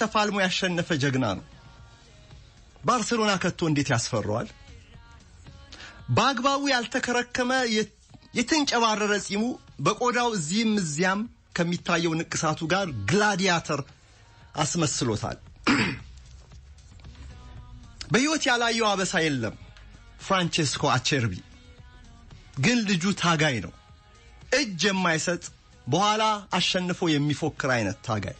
ተፋልሞ ያሸነፈ ጀግና ነው። ባርሴሎና ከቶ እንዴት ያስፈራዋል? በአግባቡ ያልተከረከመ የተንጨባረረ ፂሙ በቆዳው እዚህም እዚያም ከሚታየው ንቅሳቱ ጋር ግላዲያተር አስመስሎታል። በሕይወት ያላየው አበሳ የለም። ፍራንቼስኮ አቼርቢ ግን ልጁ ታጋይ ነው። እጅ የማይሰጥ በኋላ አሸንፎ የሚፎክር አይነት ታጋይ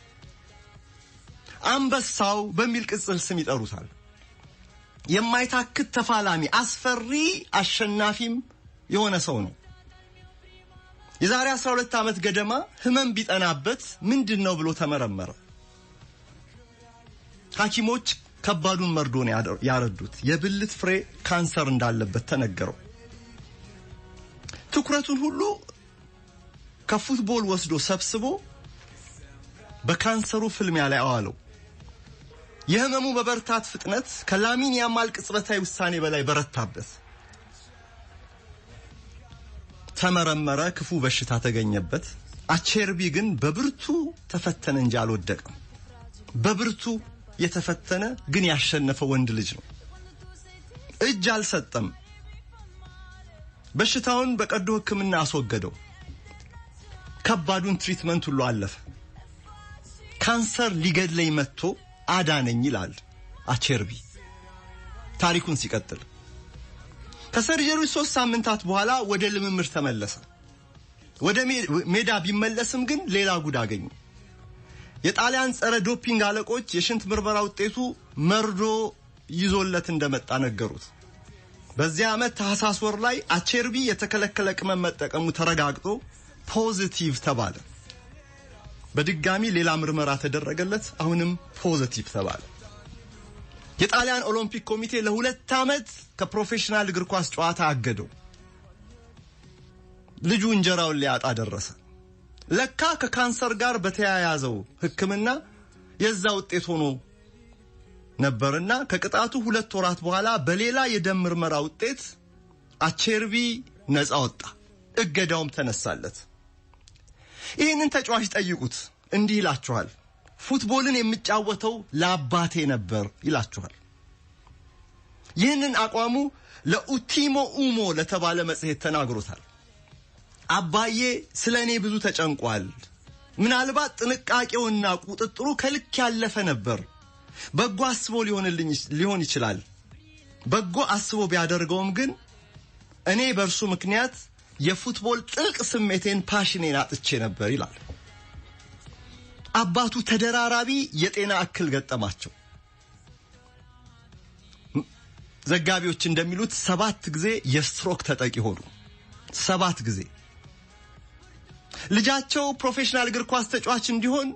አንበሳው በሚል ቅጽል ስም ይጠሩታል። የማይታክት ተፋላሚ፣ አስፈሪ አሸናፊም የሆነ ሰው ነው። የዛሬ 12 ዓመት ገደማ ህመም ቢጠናበት ምንድን ነው ብሎ ተመረመረ። ሐኪሞች ከባዱን መርዶ ነው ያረዱት። የብልት ፍሬ ካንሰር እንዳለበት ተነገረው። ትኩረቱን ሁሉ ከፉትቦል ወስዶ ሰብስቦ በካንሰሩ ፍልሚያ ላይ አዋለው። የህመሙ መበርታት ፍጥነት ከላሚን ያማል ቅጽበታዊ ውሳኔ በላይ በረታበት። ተመረመረ፣ ክፉ በሽታ ተገኘበት። አቼርቢ ግን በብርቱ ተፈተነ እንጂ አልወደቀም። በብርቱ የተፈተነ ግን ያሸነፈ ወንድ ልጅ ነው። እጅ አልሰጠም። በሽታውን በቀዶ ሕክምና አስወገደው። ከባዱን ትሪትመንት ሁሉ አለፈ። ካንሰር ሊገድለኝ መጥቶ አዳነኝ ይላል አቸርቢ ታሪኩን ሲቀጥል። ከሰርጀሪ ሶስት ሳምንታት በኋላ ወደ ልምምድ ተመለሰ። ወደ ሜዳ ቢመለስም ግን ሌላ ጉድ አገኘ። የጣሊያን ጸረ ዶፒንግ አለቆች የሽንት ምርመራ ውጤቱ መርዶ ይዞለት እንደመጣ ነገሩት። በዚያ ዓመት ታህሳስ ወር ላይ አቸርቢ የተከለከለ ቅመም መጠቀሙ ተረጋግጦ ፖዚቲቭ ተባለ። በድጋሚ ሌላ ምርመራ ተደረገለት። አሁንም ፖዘቲቭ ተባለ። የጣሊያን ኦሎምፒክ ኮሚቴ ለሁለት ዓመት ከፕሮፌሽናል እግር ኳስ ጨዋታ አገደው። ልጁ እንጀራውን ሊያጣ ደረሰ። ለካ ከካንሰር ጋር በተያያዘው ሕክምና የዛ ውጤት ሆኖ ነበርና ከቅጣቱ ሁለት ወራት በኋላ በሌላ የደም ምርመራ ውጤት አቼርቢ ነፃ ወጣ፣ እገዳውም ተነሳለት። ይህንን ተጫዋች ጠይቁት። እንዲህ ይላችኋል፣ ፉትቦልን የሚጫወተው ለአባቴ ነበር ይላችኋል። ይህንን አቋሙ ለኡቲሞ ኡሞ ለተባለ መጽሔት ተናግሮታል። አባዬ ስለ እኔ ብዙ ተጨንቋል። ምናልባት ጥንቃቄውና ቁጥጥሩ ከልክ ያለፈ ነበር። በጎ አስቦ ሊሆን ይችላል። በጎ አስቦ ቢያደርገውም ግን እኔ በእርሱ ምክንያት የፉትቦል ጥልቅ ስሜቴን ፓሽኔን አጥቼ ነበር ይላል። አባቱ ተደራራቢ የጤና እክል ገጠማቸው። ዘጋቢዎች እንደሚሉት ሰባት ጊዜ የስትሮክ ተጠቂ ሆኑ። ሰባት ጊዜ ልጃቸው ፕሮፌሽናል እግር ኳስ ተጫዋች እንዲሆን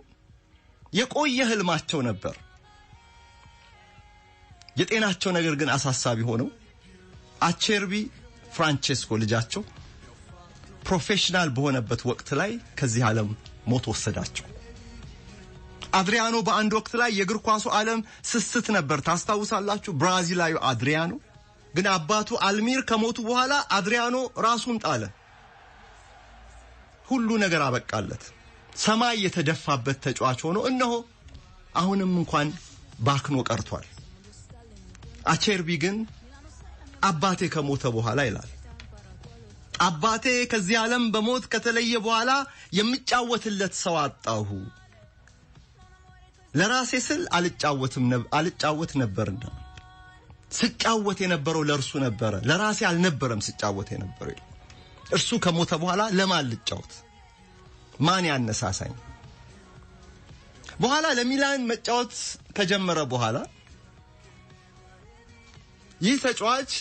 የቆየ ህልማቸው ነበር። የጤናቸው ነገር ግን አሳሳቢ ሆነው አቼርቢ ፍራንቼስኮ ልጃቸው ፕሮፌሽናል በሆነበት ወቅት ላይ ከዚህ ዓለም ሞት ወሰዳቸው። አድሪያኖ በአንድ ወቅት ላይ የእግር ኳሱ ዓለም ስስት ነበር። ታስታውሳላችሁ? ብራዚላዊ አድሪያኖ ግን አባቱ አልሚር ከሞቱ በኋላ አድሪያኖ ራሱን ጣለ። ሁሉ ነገር አበቃለት። ሰማይ የተደፋበት ተጫዋች ሆኖ እነሆ አሁንም እንኳን ባክኖ ቀርቷል። አቼርቢ ግን አባቴ ከሞተ በኋላ ይላል አባቴ ከዚህ ዓለም በሞት ከተለየ በኋላ የምጫወትለት ሰው አጣሁ። ለራሴ ስል አልጫወትም አልጫወት ነበርና ስጫወት የነበረው ለእርሱ ነበረ። ለራሴ አልነበረም ስጫወት የነበረው። እርሱ ከሞተ በኋላ ለማን ልጫወት? ማን ያነሳሳኝ? በኋላ ለሚላን መጫወት ከጀመረ በኋላ ይህ ተጫዋች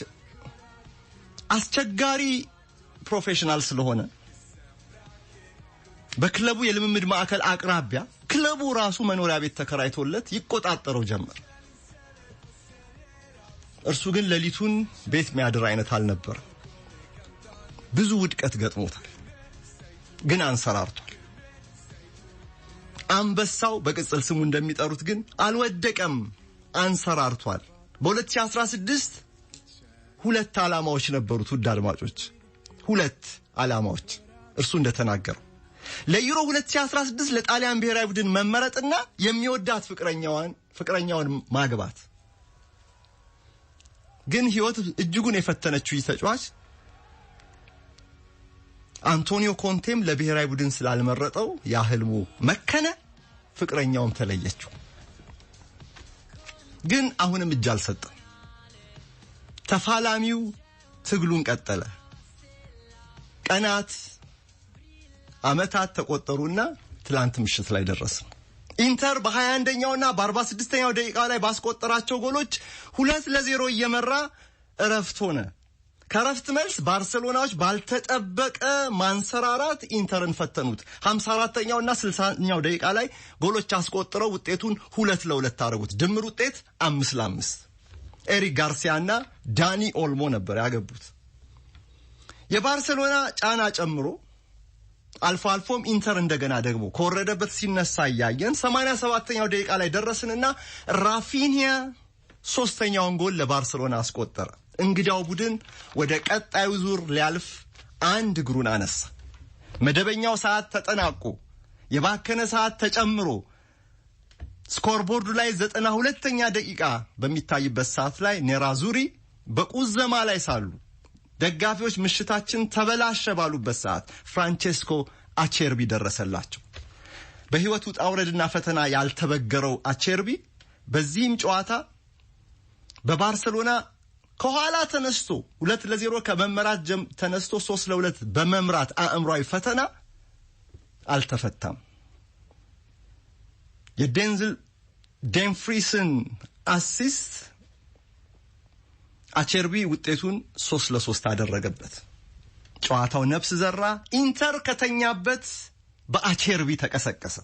አስቸጋሪ ፕሮፌሽናል ስለሆነ በክለቡ የልምምድ ማዕከል አቅራቢያ ክለቡ ራሱ መኖሪያ ቤት ተከራይቶለት ይቆጣጠረው ጀመር። እርሱ ግን ሌሊቱን ቤት የሚያድር አይነት አልነበረ። ብዙ ውድቀት ገጥሞታል፣ ግን አንሰራርቷል። አንበሳው በቅጽል ስሙ እንደሚጠሩት ግን አልወደቀም፣ አንሰራርቷል። በ2016 ሁለት ዓላማዎች ነበሩት ውድ አድማጮች። ሁለት ዓላማዎች እርሱ እንደተናገረው ለዩሮ 2016 ለጣሊያን ብሔራዊ ቡድን መመረጥና የሚወዳት ፍቅረኛዋን ፍቅረኛውን ማግባት። ግን ህይወት እጅጉን የፈተነችው ይህ ተጫዋች አንቶኒዮ ኮንቴም ለብሔራዊ ቡድን ስላልመረጠው ያህልሙ መከነ፣ ፍቅረኛውም ተለየችው። ግን አሁንም እጅ አልሰጠም። ተፋላሚው ትግሉን ቀጠለ። ቀናት፣ አመታት ተቆጠሩና ትላንት ምሽት ላይ ደረስ። ኢንተር በ21ኛውና በ46ኛው ደቂቃ ላይ ባስቆጠራቸው ጎሎች ሁለት ለዜሮ እየመራ እረፍት ሆነ። ከረፍት መልስ ባርሴሎናዎች ባልተጠበቀ ማንሰራራት ኢንተርን ፈተኑት። 54ኛውና 60ኛው ደቂቃ ላይ ጎሎች አስቆጥረው ውጤቱን ሁለት ለሁለት አረጉት ድምር ውጤት አምስት ለአምስት ኤሪክ ጋርሲያና ዳኒ ኦልሞ ነበር ያገቡት። የባርሴሎና ጫና ጨምሮ አልፎ አልፎም ኢንተር እንደገና ደግሞ ከወረደበት ሲነሳ እያየን ሰማንያ ሰባተኛው ደቂቃ ላይ ደረስንና ራፊኒያ ሶስተኛውን ጎል ለባርሴሎና አስቆጠረ። እንግዳው ቡድን ወደ ቀጣዩ ዙር ሊያልፍ አንድ እግሩን አነሳ። መደበኛው ሰዓት ተጠናቆ የባከነ ሰዓት ተጨምሮ ስኮርቦርዱ ላይ ዘጠና ሁለተኛ ደቂቃ በሚታይበት ሰዓት ላይ ኔራዙሪ በቁዘማ ላይ ሳሉ ደጋፊዎች ምሽታችን ተበላሸ ባሉበት ሰዓት ፍራንቼስኮ አቼርቢ ደረሰላቸው። በሕይወቱ ጣውረድና ፈተና ያልተበገረው አቼርቢ በዚህም ጨዋታ በባርሰሎና ከኋላ ተነስቶ ሁለት ለዜሮ ከመመራት ተነስቶ ሶስት ለሁለት በመምራት አእምሯዊ ፈተና አልተፈታም። የዴንዝል ዴንፍሪስን አሲስት አቸርቢ ውጤቱን ሶስት ለሶስት አደረገበት። ጨዋታው ነፍስ ዘራ። ኢንተር ከተኛበት በአቸርቢ ተቀሰቀሰ።